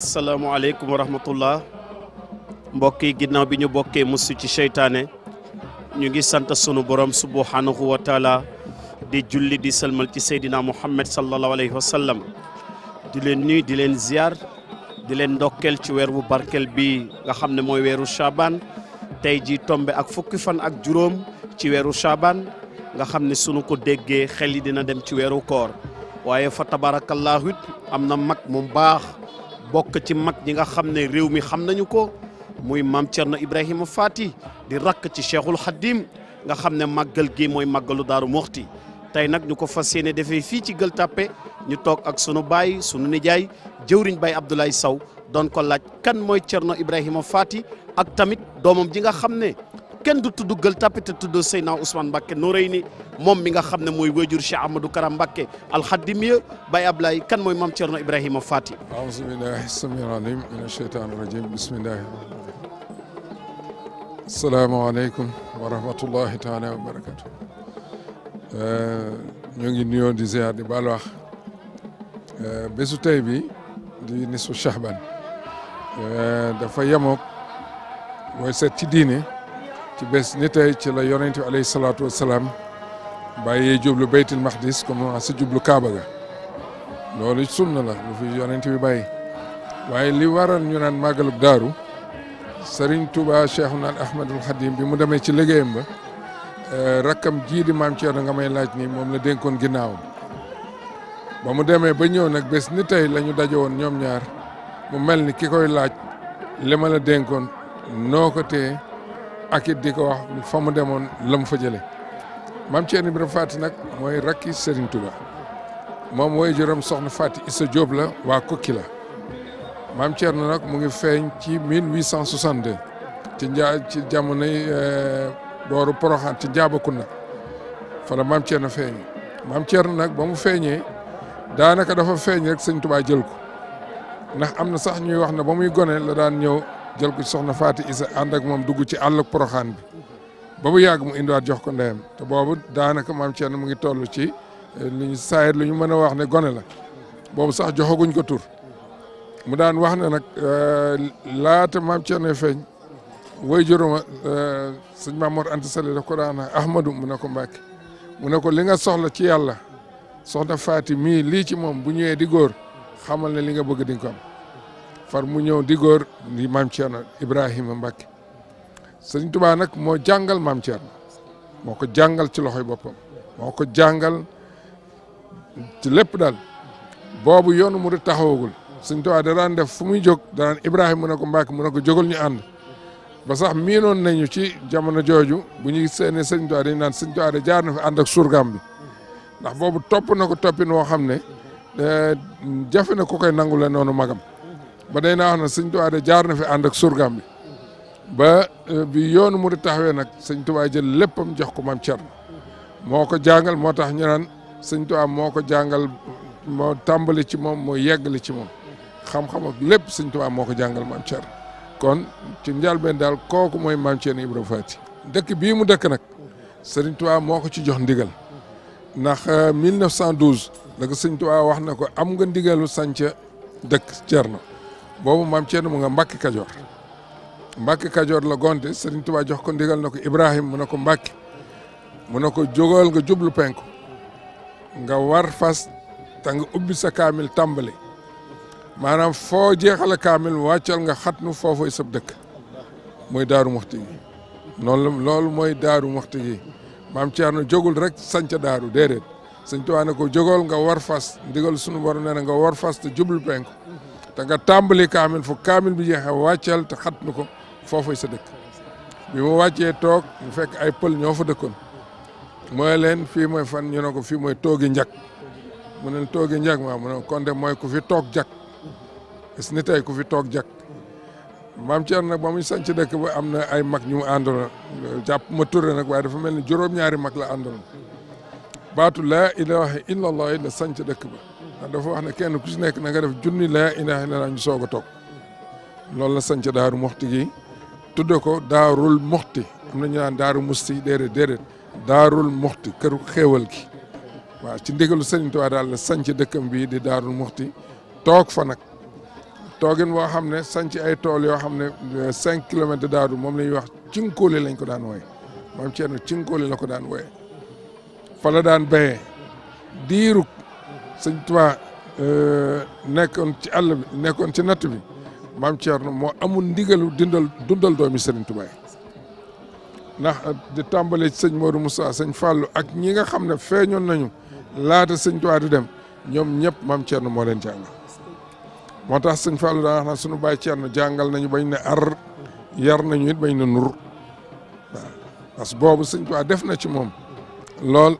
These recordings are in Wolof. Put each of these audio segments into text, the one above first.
asalaamaaleykum wa rahmatullah mbokk yi ginnaaw bi ñu bokkee musu ci seytaane ñu ngi sant sunu boroom subhanahu wa di julli di salmal ci seydina muhammad sallallahu alayhi wa di leen nuyu di leen ziar di leen ndokkeel ci weeru bu barkeel bi nga xam ne mooy weeru chaban tey ji tombe ak fukki fan ak juróom ci weeru chaban nga xam ne sunu ko déggee xel yi dina dem ci weeru koor waaye fa tabarakallahu am na mag mu baax bokk ci mag ñi nga xam ne réew mi xam nañu ko muy maam Thierno Ibrahima Fati di rakk ci cheikhul Khadim nga xam ne màggal gi mooy màggalu Daaru Moxti tey nag ñu ko fa yéene defee fii ci Gueule Tapée ñu toog ak sunu baay sunu nijaay jëwriñ Baye Abdoulaye Sow doon ko laaj kan mooy Thierno Ibrahima faati ak tamit doomam ji nga xam ne. kenn du tudd Gueule Tapée te tudd Seydina Ousmane Mbacké moom mi nga xam ne mooy wéjur Cheikh Ahmadou Karam Mbacké alxadimiya Baye Ablaye kan mooy maam Thierno a Fati. aouzu billahi samii alim mina sheytaani rajim bismillahi salaamaaleykum wa rahmatullahi taala euh, di ziar di baal euh, bi di nisu Chahban euh, dafa yemoog mooy seet ci bés ni ci la yonent bi alayhi salaatu wasalaam bàyyee jublu baytul maxdis commencé jublu kaaba ga loolu sunna la lu fi yonent bi bàyyi waaye li waral ñu naan màggalub daaru Serigne Touba Cheikh naan Ahmadul Khadim bi mu demee ci liggéeyam ba eh, rakkam jii di maam Thierno nga may laaj ni moom la dénkoon ginnaawam ba mu demee ba ñëw nag bés ni tey la ñu daje ñoom ñaar mu mel ni ki koy laaj li ma la dénkoon noo ko téye ak it di ko wax fa mu demoon la mu fa jëlee maam Thierno Ibrahima Faty nag mooy rakki Serigne Touba moom mooy juróom soxna Faty Issa Diop la waa Kokki la maam Thierno nag mu ngi feeñ ci 1862 ci njaa ci jamonoy dooru euh, Poroxaan ci Njaabakunda fa la maam Thierno feeñee maam Thierno nag ba mu feeñee daanaka dafa feeñ rek Serigne Touba jël ko ndax am na sax ñuy wax ne ba muy gone la daan ñëw. jël ko soxna Faati Isa ànd moom dugg ci àll poroxaan bi ba bu yàgg mu indiwaat jox ko ndeyam te boobu daanaka maam Thierno mu ngi tollu ci eh, li ñu saayit lu ñu mën a wax ne gone la boobu sax joxaguñ ko tur mu daan wax ne nag eh, laata maam Thierno feeñ way juruma eh, sëñ Mamoor Anta Sali daf ko daan Ahmadu mu ne ko Mbàkke mu ne ko li nga soxla ci yàlla soxna Faati mii lii ci moom bu ñëwee di góor xamal ne li nga bëgg di ko far mu ñëw di góor di maam Thierno Ibrahima Mbacke sëñ Tuubaa nag moo jàngal maam moo ko jàngal ci loxoy boppam moo ko jàngal ci lépp daal boobu yoonu mu di taxawagul sëñ Tuubaa da daan def fu muy jog da daan Ibrahima mu ne ko Mbacke mu ne ko jógal ñu ànd ba sax miinoon nañu ci jamono jooju bu ñu ñuy seene sëñ Tuubaa dañu nan sëñ Tuubaa da jaar na fi ànd ak surgaam bi ndax boobu topp na ko toppin woo xam ne eh, jafe na ku koy nangu la noonu magam ba day naa wax na sëñ Tuubaa de jaar na fi ànd ak surgaam ba euh, bi yoonu mu di taxawee nag sëñ Tuubaa lépp mu jox ko maam Cerno moo ko jàngal moo tax ñu naan sëñ moo ko jàngal moo tàmbali ci moom moo yeggali ci moom xam-xam lépp sëñ Tuubaa moo ko jàngal maam Cerno kon ci njëlbeen daal kooku mooy maam Cerno Ibra Faati dëkk bii mu dëkk nag sëriñ Tuubaa moo ko ci jox ndigal ndax 1912 euh, la ko sëñ Tuubaa wax na ko am nga ndigalu sanc dëkk Cerno boobu maam Thierno mu nga Mbacke Kajoor Mbacke Kajoor la gonte Serigne Touba jox ko ndigal na ko Ibrahima mu na ko Mbacke mu ne ko jógal nga jublu penku nga war fas te nga ubbi sa kaamil tàmbali maanaam foo jeexale kaamil wàccal nga xatnu foofu sab dëkk mooy daaru maxti gi noonu loolu mooy daaru maxti gi maam Thierno jogul rek sanc daaru déedéet Serigne Touba na ko jógal nga war fas ndigal sunu borom nee na nga war fas ta jublu penku te nga tàmbali kaamil fu kaamil bi jeexee wàcceel te xat nu ko foofu sa dëkk bi mu wàccee toog mu fekk ay pël ñoo fa dëkkoon mooy leen fii mooy fan ñu ne ko fii mooy toogi njak mu ne toogi njak maa mu ne kon mooy ku fi toog jak gis ni tey ku fi toog jak maam Thierno nag ba muy sanc dëkk ba am na ay mag ñu mu àndoon jàpp ma nag waaye dafa mel ni juróom-ñaari mag la àndoon baatu laa ilaaha illallah sañ sanc dëkk ba ndax dafa wax na kenn ku si nekk na nga def junni laa ilaaha illallaah ñu soog a toog loolu la sanc daaru moxti gi tudde ko daarul moxti am na ñu naan daaru musti déedéet déedéet daarul moxti këru xéewal gi waaw ci ndigalu Sëriñ Tuubaa daal la sanc dëkkam bii di daarul moxti toog fa nag toogin woo xam ne sanc ay tool yoo xam ne euh, cinq kilomètres de daaru moom la ñuy wax cinkóoli lañ ko daan wooye maam la ko daan wooye fa la daan béyee diiruk sëñ Tuubaa euh, nekkoon ci àll bi nekkoon ci natt bi maam Thierno moo amul ndigalu dindal dundal doomi Serigne Touba ndax di tàmbale ci sëñ Modou musa sëñ Fallou ak ñi nga xam ne feeñoon nañu laata sëñ Touba di dem ñoom ñëpp maam Thierno moo leen jàngal moo tax sëñ Fallou daa wax na suñu bàyyi Thierno jàngal nañu bañ ne ar yar nañu it bañ ne nur waaw parce que boobu sëñ Touba def na ci moom lool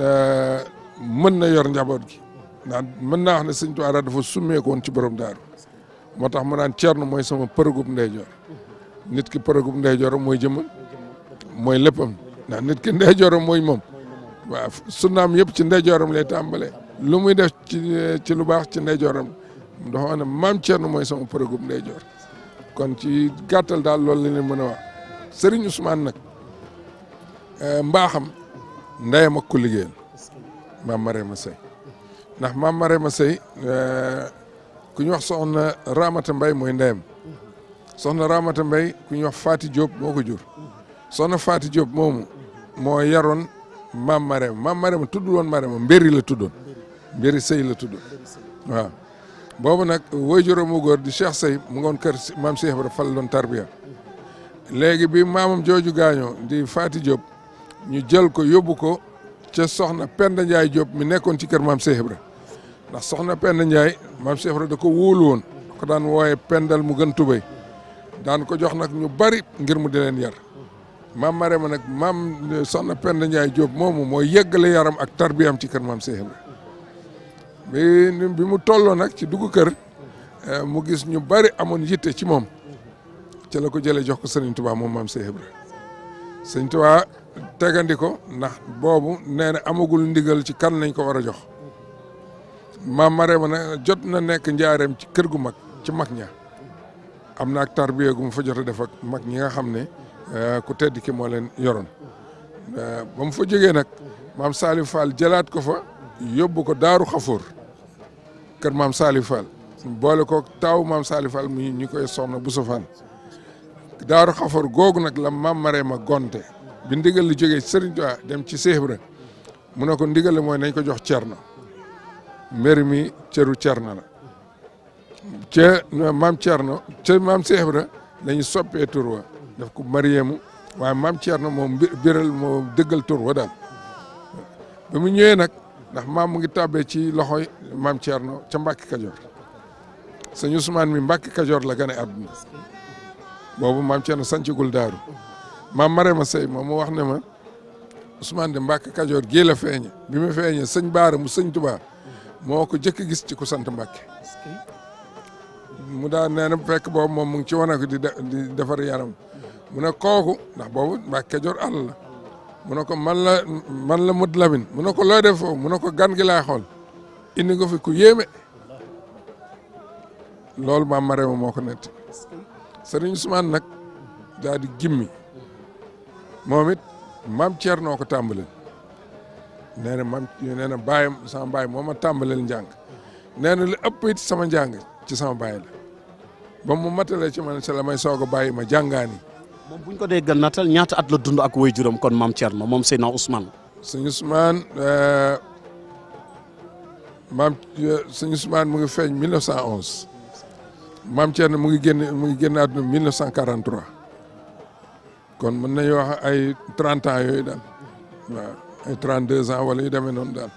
euh, mën na yor njaboot gi. naan mën naa wax ne sëñ Tuubaa dafa summeekoon ci borom daaru moo tax mu naan Cerno mooy sama përëgub ndeyjoor nit ki përëgub ndeyjooram mooy jëmm mooy léppam ndax nit ki ndeyjooram mooy moom waaw sunnaam yëpp ci ndeyjooram lay tàmbalee lu muy def ci ci lu baax ci ndeyjooram dafa wax ne maam Cerno mooy sama përëgub ndeyjoor kon ci gàttal daal loolu li leen mën a wax Serigne Ousmane nag eh, mbaaxam ndeyam ak ku liggéeyal maam ndax maam ma Sey ku ñu wax soxna Ramata Mbay mooy ndeyam soxna Ramata Mbay ku ñuy wax Faati Diop moo ko jur soxna Faati Diop moomu moo yaroon maam Marema maam Marema tuddul woon Marema mbéri la tuddoon mbéri Sey la tuddoon waaw boobu nag woy juróomu góor di Cheikh Sey mu goon kër maam Cheikh Ibra Fall tarbiya léegi bi maamam jooju gaañoo di Faati jóob ñu jël ko yóbbu ko ca soxna Penda Ndiaye Diop mu nekkoon ci kër maam Cheikh Ibra ndax soxna Penda Ndiaye maam Cheikh Ibra da ko wóolu woon ko daan wooye pendal mu gën tubéy daan ko jox nag ñu bari ngir mu di leen yar maam Marème nag maam eh, soxna Penda Ndiaye Diop moomu mooy yëggale yaram ak tarbiyam ci kër maam Cheikh Ibra bi bi mu tolloo nag ci dugg kër eh, mu gis ñu bari amoon yitte ci moom ci la ko jëlee jox ko Serigne tubaa moom maam Cheikh Ibra Serigne Touba tegandi ko ndax boobu nee na amagul ndigal ci kan lañ ko war a jox maam Marème na jot na nekk njaareem ci kër gu mag ci mag ña am na ak tarbiya gu mu fa jot a def ak mag ñi nga xam ne eh, ku tedd ki moo leen yoroon eh, ba mu fa jógee nag maam Salif jëlaat ko fa yóbbu ko Daaru Xafoor kër maam Salif boole ko taaw maam Salif Fall mu ñu ko soxna bu sofaan Daaru Xafoor googu nag la maam Marème gonte bi ndigal li jógee Serigne Touba dem ci Cheikh Ibra mu ne ko ndigal li mooy nañ ko jox na mbir mi cëru Cerno la ca maam Cerno ca maam Seex Ibra wa daf ko mariamu waaye maam Cerno moom biral moo dëggal tur wa daal ba mu ñëwee nag ndax maam mu ngi tàbbee ci loxoy maam na ca Mbàkke Kajoor sëñ Ousmane mi Mbàkke Kajoor la gane àdduna boobu maam Cerno sancagul daaru maam Marema Sey moom mu wax ne ma Ousmane de Mbàkke Kajoor gii la feeñe bi mu feeñe sëñ Baara mu sëñ Tubaa moo ko jëkk gis ci ku sant Mbàkke mu daan nee na fekk boobu moom mu ngi ci wane di defar yaram mu ne kooku ndax boobu Mbàkke jor àll la mu ne ko man la man la mut lamin mu ne ko looy def foofu mu ne ko gan gi laay xool indi nga fi ku yéeme loolu maam Marème moo ko nett Sëriñ Ousmane nag daal di gimmi moom it maam Thierno ko tàmbalee nee na mam baay na bàyyam sama bàyyi moo ma tàmbaleel njàng nee na li ëpp it sama njàng ci sama baay la ba mu matalee ci man sa la may soog a bàyyi ma jàngaani. moom buñ ko dee gën natal ñaata at la dund ak way juróom kon maam Thierno moom Seydina Ousmane. sëñ Ousmane euh, maam sëñ Ousmane mu ngi feeñ 1911 maam Thierno mu ngi génn mu ngi génn àdduna 1943 kon mën nañu wax ay 30 ans yooyu daal ay 32 ans wala yu demee noonu daal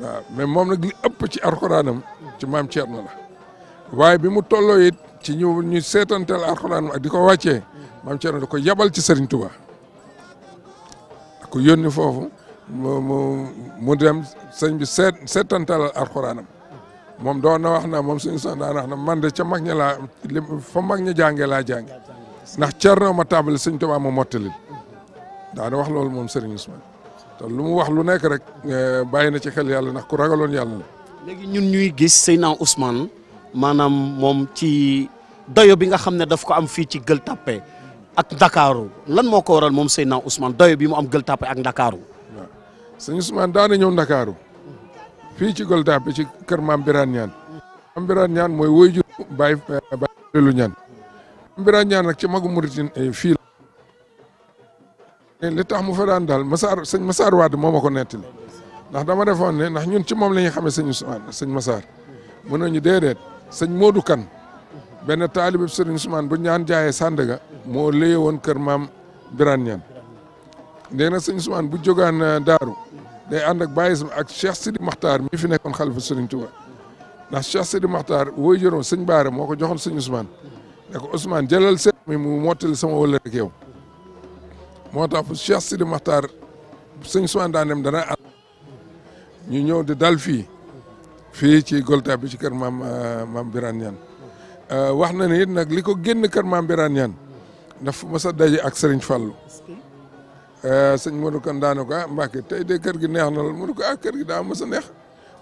waaw mais moom nag li ëpp ci arxuraanam ci maam Thierno la waaye bi mu tolloo it ci ñu ñu seetantal arxuraanam ak di ko wàccee maam Thierno da ko yabal ci Serigne Touba da ko yónni foofu mu mu mu dem sëñ bi seet seetantal arxuraanam moom doon na wax na moom suñu sax daan wax na man de ca mag ña laa li fa mag ña jàngee laa jànge ndax Thierno ma tàmbali Serigne Touba ma mottali daana wax loolu moom Serigne Ousmane. te lu mu wax lu nekk rek eh, bàyyi na ci xel yàlla ndax ku ragaloon yàlla la. léegi ñun ñuy gis Seydina Ousmane maanaam moom ci dayo bi nga xam ne daf ko am fii ci Gueule Tapée ak Ndakaaru lan moo ko waral moom Seydina Ousmane dayo bi mu am Gueule Tapée ak Ndakaaru. waaw sëñ Ousmane ñëw Ndakaaru fii ci Gueule Tapée ci kër Maam Birane Niane. Maam Birane Niane mooy woy ju bàyyi eh, bàyyi lu ñaan Maam Birane Niane nag ci magu murit eh, fii la. Eh, li tax mu fa daan daal Massar sëñ Massar Wade moo ma ko nettali ndax dama defoon ne ndax ñun ci moom la ñuy xamee sëñ Ousmane sëñ Massar mu ne ñu déedéet sëñ Modou kan benn taalibu sëriñ Ousmane bu ñaan jaayee Sandaga moo léye woon kër maam Birane Niane léegi nag sëñ Ousmane bu jógaan eh, daaru day ànd ak bàyyi ak Cheikh Sidi Makhtar mi fi nekkoon xalifa sëriñ Touba ndax Cheikh Sidi Makhtar wooy jëróom sëñ Baara moo ko joxoon sëñ Ousmane ne ko Ousmane jëlal seet mi mu mottali sama wala rek moo tax fu Cheikh Sidi Makhtar sëñ Ousmane daan dem ñu ñëw di dal fii fii ci golta bi ci kër ma euh, maam Birane euh, wax na ne it nag li ko génn kër ma Birane Niane dafa mës a daje ak Serigne Fallou euh, sëñ Modou Kane daanu ko ah Mbacke tey de kër gi neex na lool mu ne ah kër gi daa mës a neex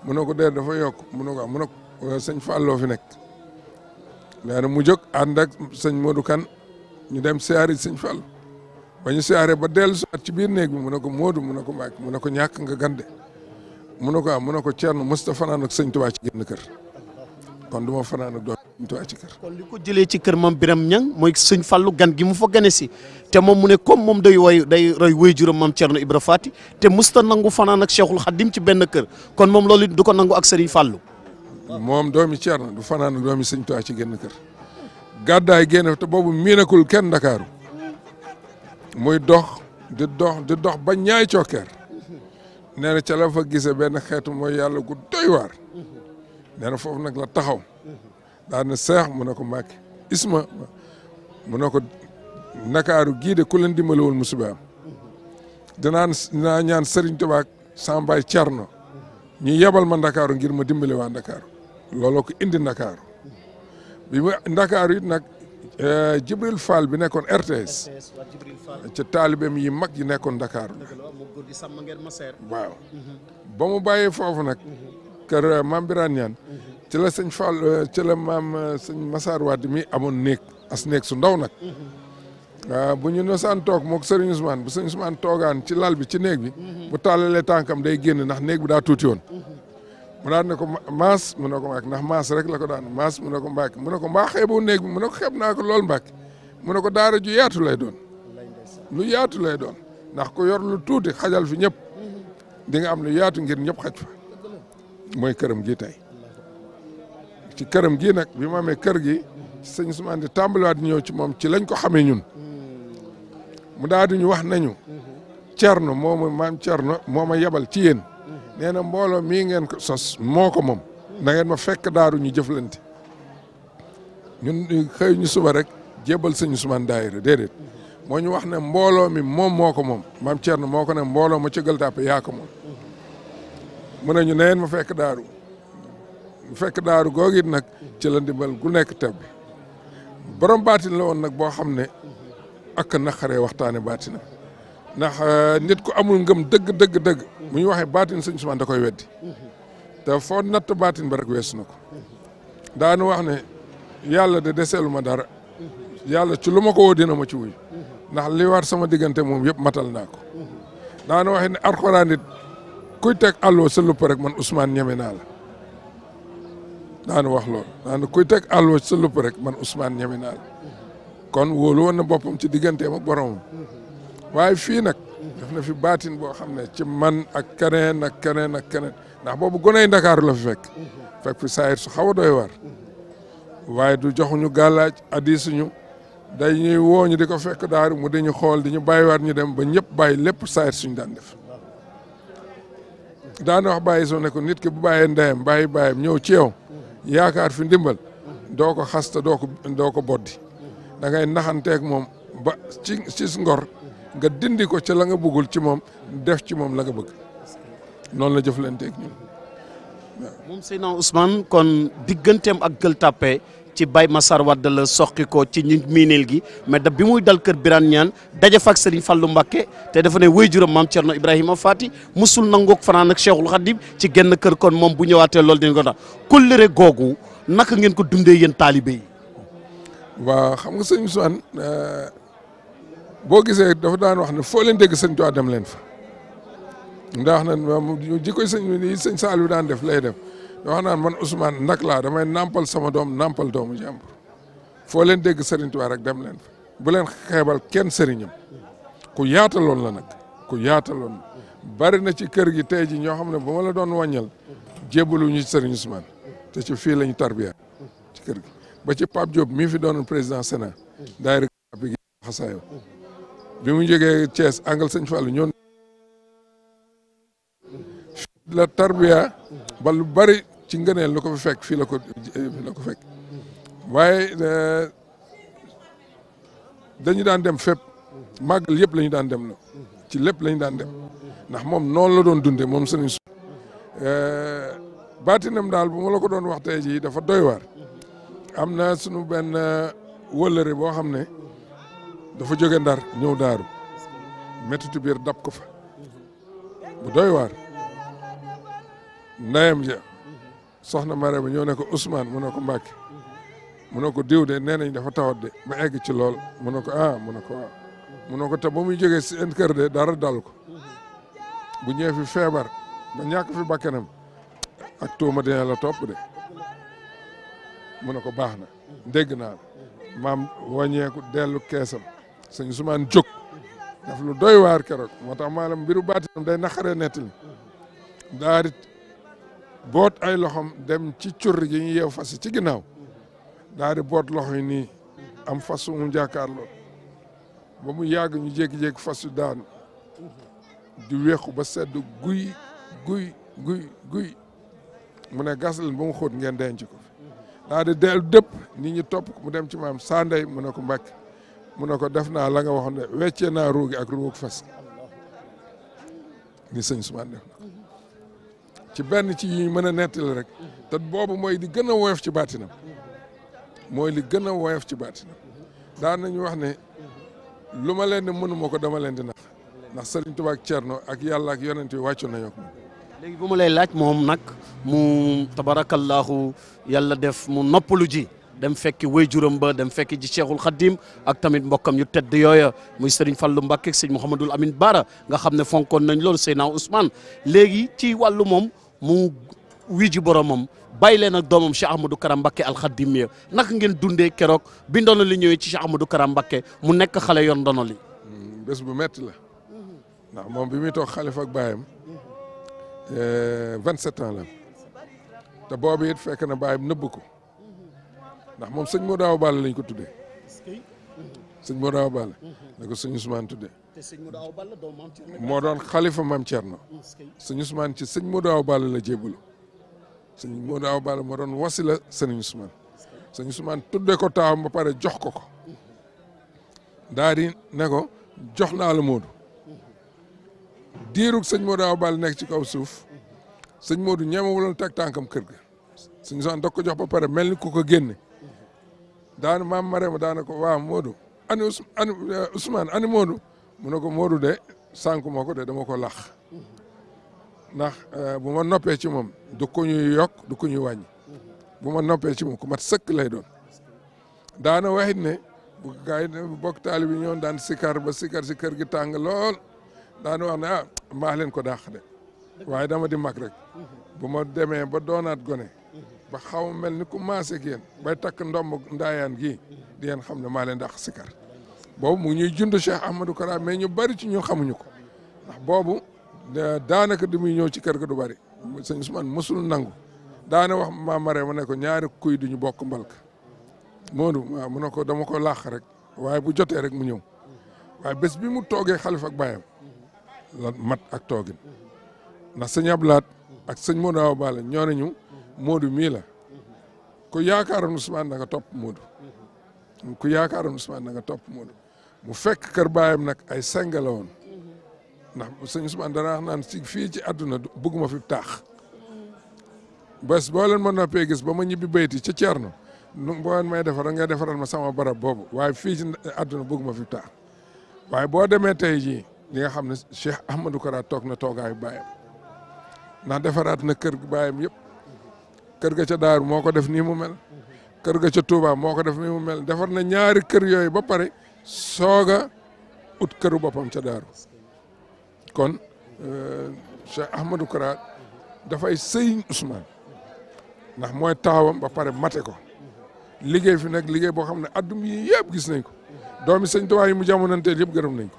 mu ne ko dee dafa yokk mu ne ko ah mu fi nekk nee na mu jóg ànd ak sëñ Modou Kane ñu dem siyaari sëñ fal ba ñu siyaare ba dellu at ci biir néeg bi mu ne ko Moodu mu ne ko Mbacké mu ne ko ñàkk nga gande mu ne ko ah mu ne ko Thierno mësta fanaan ak sëñ ci génn kër kon du ma fanaan ak doom Tuubaa ko jëlee ci kër maam Biram Ñang mooy sëñ Fallu gan gi mu fa gane si te moom mu ne comme moom day way day roy way juram maam Thierno Ibra Faati te mësta nangu fanaan ak Cheikhul ci benn kër kon moom loolu du ko nangu ak sëriñ Fallu. moom doomi na du fanaan ak doomi sëñ Tuubaa ci génn kër gàddaay génn te boobu miinakul kenn Ndakaaru muy dox di dox di dox ba ñaay cokkeer nee na ca la fa gisee benn xeetu mooy yàlla gu doy waar nee na foofu nag la taxaw daa na seex mu ne ko Mbàkke isma mu na ko nakaaru gii de ku leen dimbalewul musiba am dinaan dinaa ñaan Serigne Touba ak Sambaay Cerno ñu yebal ma ndakaaru ngir ma dimbali waa ndakaaru looloo ko indi ndakaaru ndakaaru it nag Euh, Jibril Fall bi nekkoon RTS ca taalibeem yi mag yi nekkoon Dakar waaw mhm. ba mu bàyyee foofu nag kër euh, maam Birane Niane mhm. ci la sëñ Fall euh, ci la maam sëñ Massar Wade mi amoon néeg as néeg su ndaw nag mhm. bu ñu nosaan toog moog sëriñ Ousmane bu sëriñ Ousmane toogaan ci lal bi ci néeg bi bu taalalee tànkam day génn ndax néeg bi daa tuuti woon mu ne ko maas mu ne ko mbaak ndax maas rek la ko daan maas mu ne ko mbaak mu ne ko mbaa xeeboo néeg bi mu ne ko xeeb naa ko lool mbaak mu ne ko daara ju yaatu lay doon lu yaatu lay doon ndax ku yor lu tuuti xajal fi ñëpp di nga am lu yaatu ngir ñëpp xaj fa mooy këram gi tey ci këram gii nag bi mu amee kër gi sëñ Ousmane di tàmbaliwaat ñëw ci moom ci lañ ko xamee ñun mu daal di ñu wax nañu cerno moo ma maam cerno moo ma yebal ci yéen nee na mbooloo mii ngeen ko sos moo ko moom da ma fekk daaru ñu jëflante ñun xëy ñu suba rek jébal sëñ Ousmane daayira déedéet moo ñu wax ne mbooloo mi moom moo ko moom maam Thierno moo ko ne mbooloo ma ci Gueule Tapée yaa ko moom mu ne ñu neen ma fekk daaru mu fekk daaru googu it nag ci la ndimbal gu nekk teb bi borom baatin la woon nag boo xam ne ak naqaree waxtaane baatinam ndax euh, nit ku amul ngëm dëgg dëgg dëgg bu ñu waxee baatin sëñ Ousmane da koy weddi te foo natt baatin ba rek weesu na ko daanu wax ne yàlla de deseelu ma dara yàlla ci lu ma ko woo dina ma ci wuy ndax li sama diggante moom yëpp matal naa ko daan wax ne alxuraan nit kuy teg àlluwa sa lupp rek man Ousmane ñeme naa la daanu wax loolu daanu kuy teg àlluwa sa lupp rek man Ousmane ñeme naa la kon woolu woon na boppam ci diggante ak boromam waaye fii nag def na fi baatin boo xam ne ci man ak keneen ak keneen ak keneen ndax boobu goney Ndakaaru la fi fekk fi saayir su xaw a doy waar waaye du joxuñu gàllaaj addisuñu day ñuy wooñu di ko fekk daaru mu di xool di ñu bàyyiwaat ñu dem ba ñëpp bàyyi lépp saayir suñ daan def daana wax bàyyi soo ne ko nit ki bu bàyyee ndeyam bàyyi bàyyam ñëw ci yow yaakaar fi ndimbal doo ko xasta doo ko doo ko boddi da ngay moom ba ci ci ngor nga dindi ko ca la nga bëggul ci moom def ci moom la nga bëgg noonu la jëflanteeg ñun waaw. moom Seydina Ousmane kon digganteem ak Gueule Tapée ci Baye Massar Wade la soqi ci ñi miineel gi mais da bi muy dal kër Birane Niane daje fa ak Serigne Fallou Mbacké te dafa ne wéyjuram maam Thierno Ibrahima faati musul nangook fanaan ak Cheikhul Khadim ci genn kër kon moom bu ñëwaatee loolu dinañ ko tax kóllëre googu naka ngeen ko dundee yéen taalibe yi. waaw xam nga sëñ boo gisee dafa daan wax ne foo leen dégg sëñ Tuubaa dem leen fa ndax nag moom jikkoy sëñ yi sëñ Saliou daan def lay dem wax naan man Ousmane ndak laa damay nampal sama doom nampal doomu jàmbur foo leen dégg sëriñ Tuubaa rek dem leen fa bu xeebal kenn sëriñam ku yaataloon la nag ku yaataloon bari na ci kër gi tey ji ñoo xam ne bu ma la doon wàññal jébbalu ñu sëriñ Ousmane te ci fii lañu tarbiya ci kër gi ba ci Pape Diop mii fi doon président Sénat daay rek xasaayoo bi mu jógee Thiès angal sëñ Fallou ñoon la tarbiya ba lu bari ci ngëneel lu ko fi fekk fii la ko ko fekk waaye eh, dañu daan dem fépp màggal yëpp la daan dem na ci lépp la daan dem ndax moom noonu la doon dunde moom sëriñ su eh, baatinam daal bu ma la ko doon wax jii dafa doy waar am na sunu benn eh, wëllëre boo xam ne dafa jóge ndar ñëw daaru méttitu biir dab ko fa bu doy waar ndayam ja soxna Marème ñëw ne ko Ousmane mu ne ko Mbacke mu ne ko diw de nee nañ dafa tawat de ma egg ci lool mu ne ko ah mu ne ko waaw ah. mu ne ko te ba muy jógee seen kër de dara dal ko bu ñëwee fi feebar ba ñàkk fi bakkanam ak tuuma dina la topp de mu ne ko baax na dégg naa maam wàññeeku dellu keesam sëñ Ousmane jóg daf lu doy waar keroog moo tax maanaam mbiru baatinam day naqaree nettali daa di boot ay loxom dem ci cur yi ñu yeew fas ci ginnaaw daa boot loxo yi nii am fas mu jàkkaarloo ba mu yàgg ñu jékki-jékki fas yu daanu di weexu ba sedd guy guy guy guy mu ne gas leen ba mu xóot ngeen denc ko daa del dëpp nit ñi topp mu dem ci maam Sanday mu ne ku Mbàkke mu ne ko def naa la nga waxoon ne wecce naa ruugi ak ruug fas ni sëñ Ousmane def na ci benn ci yi mën a nettali rek te boobu mooy di gën a woyof ci baatinam mooy li gën a woyof ci baatinam daan nañu wax ne lu ma leen di mënuma ko dama leen di nax ndax Serigne Touba ak Thierno ak yàlla ak yonent yi wàccoon nañoo ko moom léegi ma lay laaj moom nag mu tabarakallahu yàlla def mu noppalu ji dem fekki wayjuram ba dem fekki ji Cheikhul Khadim ak tamit mbokkam yu tedd yooya muy Serigne Fallou Mbacké ak Serigne Mouhamadul Amin Bara nga xam ne fonkoon nañ loolu Seydina Ousmane léegi ci wàllu moom mu wiji boromam bàyyi leen ak doomam Cheikh Ahmadou Kara Mbacké Al Khadim ya naka ngeen dundee keroog bi ndono li ñëwee ci Cheikh Ahmadou Kara Mbacké mu nekk xale yoon ndono li hmm, bés bu métti la ndax moom bi muy toog xalifa ak baayam eh, vingt-sept ans la te boobu it fekk na baayam ndax moom sëñ Modou Awa Balla lañ ko tuddee. Mhm. sëñ Modou Awa Balla. la mhm. ko sëñ Ousmane tuddee. te sëñ Modou Awa Balla doomu moo doon xalifa Maam Thierno. Mhm. sëñ Ousmane ci sëñ Modou Awa Balla la jébbalu. sëñ Modou Awa Balla moo doon wasila sëñ Ousmane. sëñ Ousmane tuddee ko taawam ba pare jox ko ko. daa di ne ko jox naa la Modou. diirug sëñ Modou Awa Balla nekk ci kaw suuf. sëñ Modou ñeemewuloon teg tànkam kër ga. sëñ Ousmane da ko jox ba pare mel ni ku ko génne. daan maam Marème daana ko waaw Modou ani ani euh, Ousmane ani Modou mu ne ko Modou de sànq moo ko de dama ko lax ndax euh, bu ma noppee ci moom du ko yokk du ko ñuy bu ma noppee ci moom ku mat sëkk lay doon daana waxit ne bu gars yi bokk taali bi ñoon daan sikar ba sikar si kër gi tàng lool daana wax ne ah ko dàq de waaye dama di mag rek mm-hmm. bu ma demee ba doonaat gone ba xaw a mel ni ku maase ak yéen bay takk ndomb ndaayaan gi di ngeen xam ne maa leen dàq sikar boobu mu ñuy jund Cheikh Ahmadou Kara mais ñu bari ci ñun xamuñu ko ndax boobu daanaka di muy ñëw ci kër ga du bari sëñ suman mosul nangu daane wax ma mare ma ne ko ñaari kuy duñu bokk mbalka Moodu waaw mu ne ko dama ko làq rek waaye bu jotee rek mu ñëw waaye bés bi mu toogee xalifa ak bàyyam la mat ak toogin ndax sëñ Ablaat ak sëñ Moodu Awa Balla ñoo nañu modu mii la ku yaakaaroon Ousmane sumaan nga topp Moodu ku yaakaaroon Ousmane na nga topp Moodu mu fekk kër baayam nag ay seng la woon sëñ Ousmane dana wax naan si fii ci àdduna bëgguma fi taax bas boo leen ma noppee gis ba ma ñibbi bayti ci Cerno boo leen may defar nga defaral ma sama barab boobu waaye fii ci àdduna ma fi taax waaye boo demee tey jii li nga xam ne Cheikh Ahmadou Kara toog na toogaayu baayam ndax defaraat na kër baayam yëpp kër ga ca daaru moo ko def nii mu mel kër ga ca Touba moo ko def nii mu mel defar na ñaari kër yooyu ba pare sooga ut këru boppam ca daaru kon euh, Cheikh Ahmadou Kara dafay sëyiñ Ousmane ndax mooy taawam ba pare mate ko liggéey fi nag liggéey boo xam ne addum yi yëpp gis nañ ko doomi sëñ Tuubaa yi mu jamonanteel yëpp gërëm nañ ko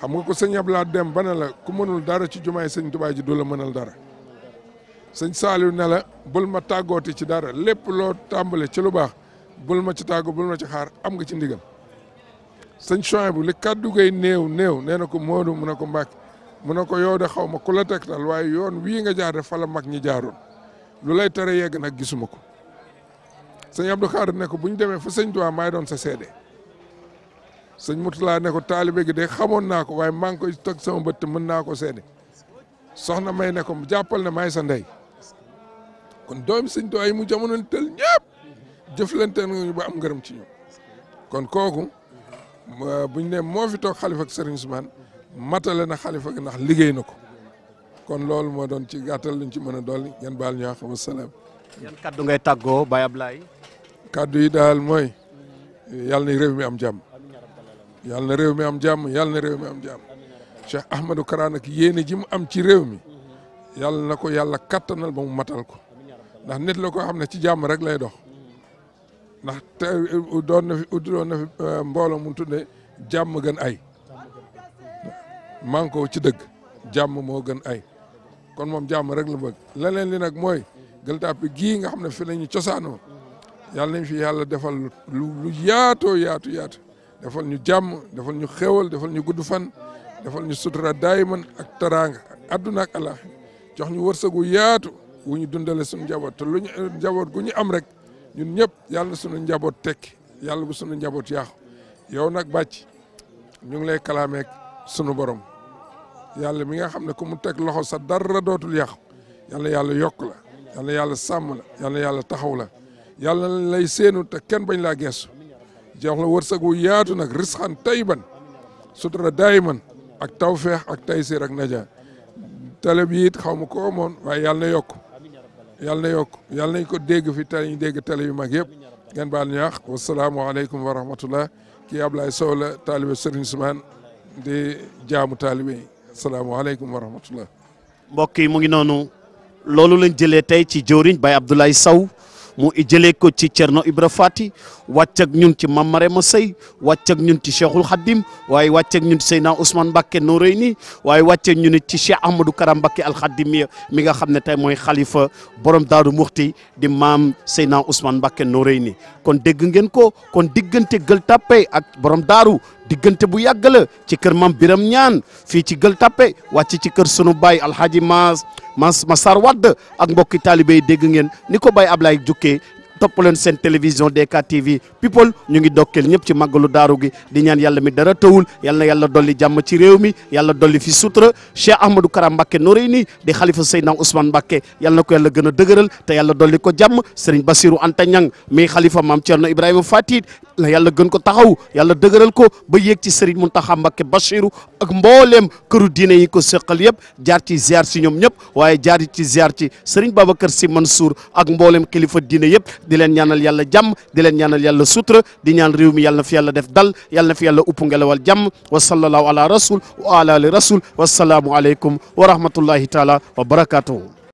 xam ko sëñ Abdoulaye dem ba ne la ku mënul dara ci jumaay sëñ Tuubaa ji du la mënal dara sëñ Saliou ne la bul ma tàggooti ci dara lépp loo tàmbale ci lu baax bul ma ci tàggu bul ma ci xaar am nga ci ndigal sëñ Chouaib bu li kaddu gay néew néew nee na ko Modou mu ne ko Mbacke mu ne ko yow de xaw ma ku la tegtal waaye yoon wii nga jaar de fa la mag ñi jaaroon lu lay tere yegg nag gisuma ko sëñ Abdou Khadre ne ko bu ñu demee fa sëñ Tuubaa maay doon sa seede sëñ Moutala ne ko taalibe gi de xamoon naa ko waaye maa ngi koy teg sama bët te mën naa ko seede soxna may ne ko jàppal ne maay sa ndey. kon doom sëñ Tuubaa yi mu jamonoon tël ñëpp jëflante ba am ngërëm ci ñoom kon kooku buñ ne moo fi xalifa ak Serigne matale na xalifa ndax liggéey na ko kon loolu moo doon ci gàttal luñ ci mën a dolli ngeen baal ñu wax wasalaam. yan kaddu ngay tàggoo Baye Ablaye. kaddu yi daal mooy yàlla na réew mi am jàmm yàlla na réew mi am jàmm yàlla na réew mi am jàmm Cheikh Ahmadou Kara ji mu am ci réew mi yàlla na ko yàlla kattanal ba mu matal ko. ndax nit la koo xam ne ci jàmm rek lay dox ndax te doon na fi uddiloon na fi euh, mbooloo mu tudde jàmm gën ay manko ci dëgg jàmm moo gën ay kon moom jàmm rek la bëgg leneen li nag mooy Gueule Tapée gii nga xam ne fi la ñu cosaanoo yàlla nañ fi yàlla defal lu yaato yaatu yaatu defal ñu jàmm defal ñu xéwal defal ñu gudd fan defal ñu sutura daayman ak taraanga adduna ak alax jox ñu wërsëgu yaatu wu ñu dundale suñu njaboot te lu ñu euh, njaboot gu ñu am rek ñun ñëpp yàlla na suñu njaboot tekki yàlla bu suñu njaboot yaaxu yow nag bàcc ñu ngi lay kalaameek sunu borom yàlla mi nga xam ne ku mu teg loxo sa dara dootul yàqu yàlla yàlla yokk la yàlla yàlla sàmm la yàlla yàlla taxaw la yàlla lay seenu te kenn bañ laa geesu jox la wërsëg wu yaatu nag risxan tayyiban sutura daayiman ak taw tawfeex ak taysiir ak naja télé bi it xaw ma ko amoon waaye yàlla na yokk yàlla na yokk yàlla nañ ko dégg fi tey ñu dégg télé yu mag yëpp ngeen baal ñaax wasalaamualeykum wa rahmatullah kii Ablaye Sow la taalibe Serigne Ousmane di jaamu taalibe yi asalaamualeykum wa rahmatullah mbokk yi mu ngi noonu loolu lañ jëlee tey ci jëwriñ Baye Abdoulaye saw mu jëlee ko ci no Ibra Fati wàcc ak ñun ci Mamare ma sey wàcc ñun ci Cheikhul Khadim waaye wàcc ñun ci Seydina Ousmane Mbacké Noreyni waaye wàcc ak ñun it ci Cheikh Ahmadou Kara Mbacké Al Khadim mi nga xam ne tey mooy xalifa borom Daaru Muxti di maam sey Seydina Ousmane Mbacké ni kon dégg ngeen ko kon diggante Gueule Tapée ak borom daaru diggante bu yàgg la ci kër mam biram ñaan fii ci gël tappe wàcc ci kër sunu baay alxaaji mas mas masar wadd ak mbokki taalibe yi dégg ngeen ni ko baay Ablaye jukkee topp leen seen télévision DK TV people ñu ngi dokkeel ñëpp ci màggalu daaru gi di ñaan yàlla mi dara tawul yàlla yàlla dolli jàmm ci réew mi yàlla dolli fi sutura Cheikh Ahmadou Kara Mbacké Noreyni di xalifa Seydina Ousmane Mbacké yàlla na ko yàlla gën a dëgëral te yàlla dolli ko jàmm Serigne Bassirou Anta Niang mi xalifa maam Thierno Ibrahima Fatit la yàlla gën ko taxaw yàlla dëgëral ko ba yéeg ci Serigne Mountakha Mbacké Bachirou ak mbooleem këru diine yi ko seqal yëpp jaar ci ziar si ñoom ñëpp waaye jaar ci ziar ci Serigne Babacar Sy Mansour ak mboolem kilifa diina yëpp di leen ñaanal yàlla jàmm di leen ñaanal yàlla sutura di ñaan réew mi yàlla fi yàlla def dal yàlla na fi yàlla upp ngelawal jàmm wa sallallahu ala rasul wa ala ali rasul wasalaamu aleykum wa rahmatullahi taala wa barakatuhu